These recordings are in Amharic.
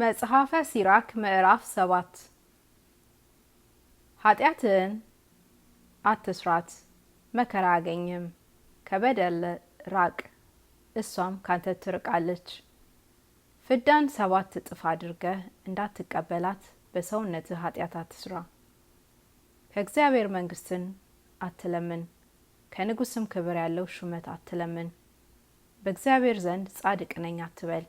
መጽሐፈ ሲራክ ምዕራፍ ሰባት ኃጢአትን አትስራት፣ መከራ አገኝም፣ ከበደል ራቅ፣ እሷም ካንተ ትርቃለች። ፍዳን ሰባት እጥፍ አድርገህ እንዳትቀበላት በሰውነትህ ኃጢአት አትስራ። ከእግዚአብሔር መንግስትን አትለምን፣ ከንጉስም ክብር ያለው ሹመት አትለምን። በእግዚአብሔር ዘንድ ጻድቅ ነኝ አትበል፣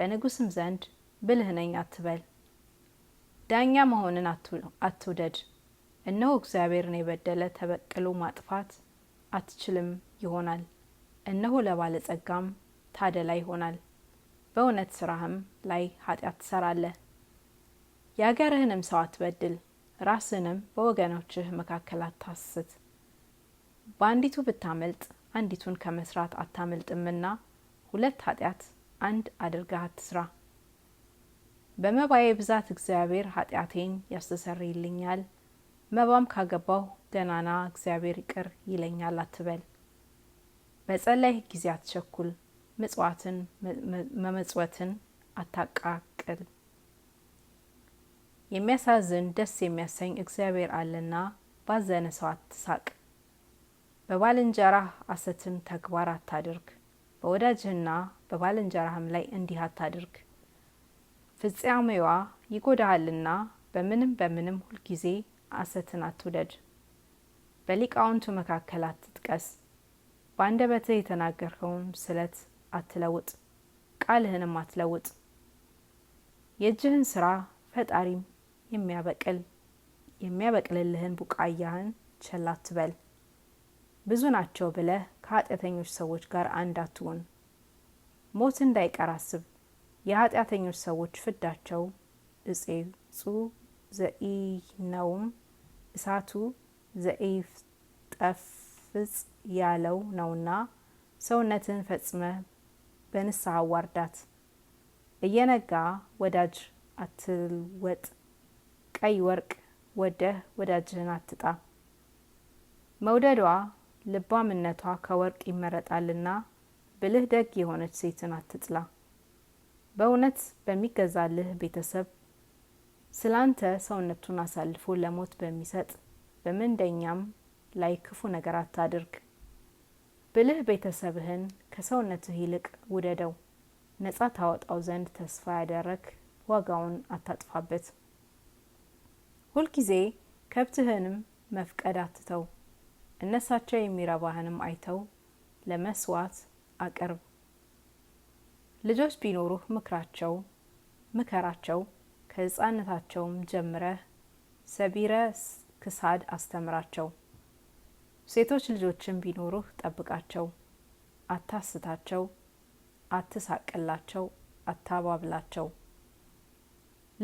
በንጉስም ዘንድ ብልህ ነኝ አትበል። ዳኛ መሆንን አትውደድ። እነሆ እግዚአብሔርን የበደለ ተበቅሎ ማጥፋት አትችልም ይሆናል። እነሆ ለባለጸጋም ታደላ ይሆናል፣ በእውነት ስራህም ላይ ኃጢአት ትሰራለህ። የአገርህንም ሰው አትበድል፣ ራስህንም በወገኖችህ መካከል አታስት። በአንዲቱ ብታመልጥ አንዲቱን ከመስራት አታመልጥምና ሁለት ኃጢአት አንድ አድርገህ አትስራ። በመባዬ ብዛት እግዚአብሔር ኃጢአቴን ያስተሰርይልኛል። መባም ካገባሁ ደናና እግዚአብሔር ይቅር ይለኛል አትበል። በጸለይ ጊዜ አትቸኩል። ምጽዋትን መመጽወትን አታቃቅል። የሚያሳዝን ደስ የሚያሰኝ እግዚአብሔር አለና ባዘነ ሰው አትሳቅ። በባልንጀራህ አሰትን ተግባር አታድርግ። በወዳጅህና በባልንጀራህም ላይ እንዲህ አታድርግ። ፍጻሜዋ ይጎዳሃልና በምንም በምንም ሁልጊዜ አሰትን አትውደድ። በሊቃውንቱ መካከል አትጥቀስ። በአንደበትህ የተናገርከውን ስለት አትለውጥ፣ ቃልህንም አትለውጥ። የእጅህን ስራ ፈጣሪም የሚያበቅል የሚያበቅልልህን ቡቃያህን ቸል አትበል። ብዙ ናቸው ብለህ ከኃጢአተኞች ሰዎች ጋር አንድ አትሁን። ሞት እንዳይቀር አስብ። የኃጢአተኞች ሰዎች ፍዳቸው እጼጹ ዘኢነውም እሳቱ ጠፍጽ ያለው ነውና ሰውነትን ፈጽመ በንስሐ ዋርዳት። እየነጋ ወዳጅ አትልወጥ፣ ቀይ ወርቅ ወደህ ወዳጅህን አትጣ። መውደዷ ልባምነቷ ከወርቅ ይመረጣልና ብልህ ደግ የሆነች ሴትን አትጥላ። በእውነት በሚገዛልህ ቤተሰብ ስላንተ ሰውነቱን አሳልፎ ለሞት በሚሰጥ በምንደኛም ላይ ክፉ ነገር አታድርግ። ብልህ ቤተሰብህን ከሰውነትህ ይልቅ ውደደው፣ ነጻ ታወጣው ዘንድ ተስፋ ያደረግ ዋጋውን አታጥፋበት። ሁልጊዜ ከብትህንም መፍቀድ አትተው፣ እነሳቸው የሚረባህንም አይተው ለመስዋዕት አቅርብ። ልጆች ቢኖሩህ ምክራቸው ምከራቸው ከሕፃንነታቸውም ጀምረህ ሰቢረ ክሳድ አስተምራቸው። ሴቶች ልጆችን ቢኖሩህ ጠብቃቸው፣ አታስታቸው፣ አትሳቅላቸው፣ አታባብላቸው።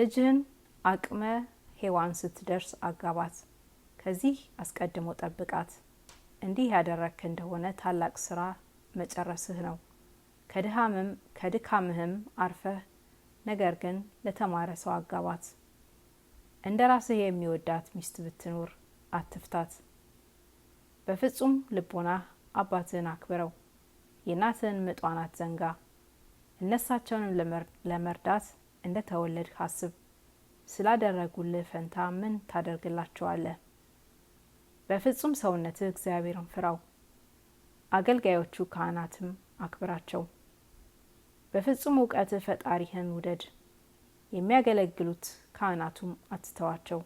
ልጅህን አቅመ ሔዋን ስትደርስ አጋባት፣ ከዚህ አስቀድሞ ጠብቃት። እንዲህ ያደረግክ እንደሆነ ታላቅ ስራ መጨረስህ ነው። ከድካምህም አርፈህ ነገር ግን ለተማረ ሰው አጋባት። እንደ ራስህ የሚወዳት ሚስት ብትኖር አትፍታት። በፍጹም ልቦናህ አባትህን አክብረው፣ የእናትህን ምጧን አትዘንጋ። እነሳቸውንም ለመርዳት እንደ ተወለድህ አስብ። ስላደረጉልህ ፈንታ ምን ታደርግላቸዋለህ? በፍጹም ሰውነትህ እግዚአብሔርን ፍራው። አገልጋዮቹ ካህናትም አክብራቸው። በፍጹም እውቀት ፈጣሪህን ውደድ። የሚያገለግሉት ካህናቱም አትተዋቸው።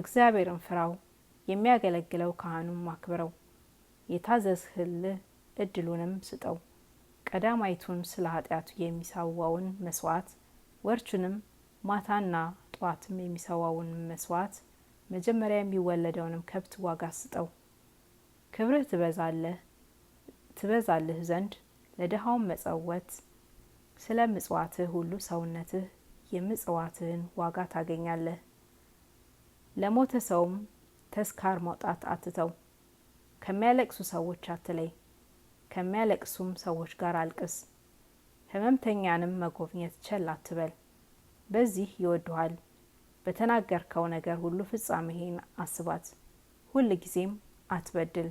እግዚአብሔርን ፍራው፣ የሚያገለግለው ካህኑም አክብረው። የታዘዝህልህ እድሉንም ስጠው። ቀዳማይቱን ስለ ኃጢአቱ የሚሰዋውን መስዋዕት ወርቹንም ማታና ጠዋትም የሚሰዋውን መስዋዕት መጀመሪያ የሚወለደውንም ከብት ዋጋ ስጠው። ክብርህ ትበዛለህ ትበዛልህ ዘንድ ለድሃውን መጸወት ስለ ምጽዋትህ ሁሉ ሰውነትህ የምጽዋትህን ዋጋ ታገኛለህ። ለሞተ ሰውም ተስካር ማውጣት አትተው። ከሚያለቅሱ ሰዎች አትለይ፣ ከሚያለቅሱም ሰዎች ጋር አልቅስ። ህመምተኛንም መጎብኘት ቸል አትበል። በዚህ ይወድሃል። በተናገርከው ነገር ሁሉ ፍጻሜህን አስባት። ሁል ጊዜም አትበድል።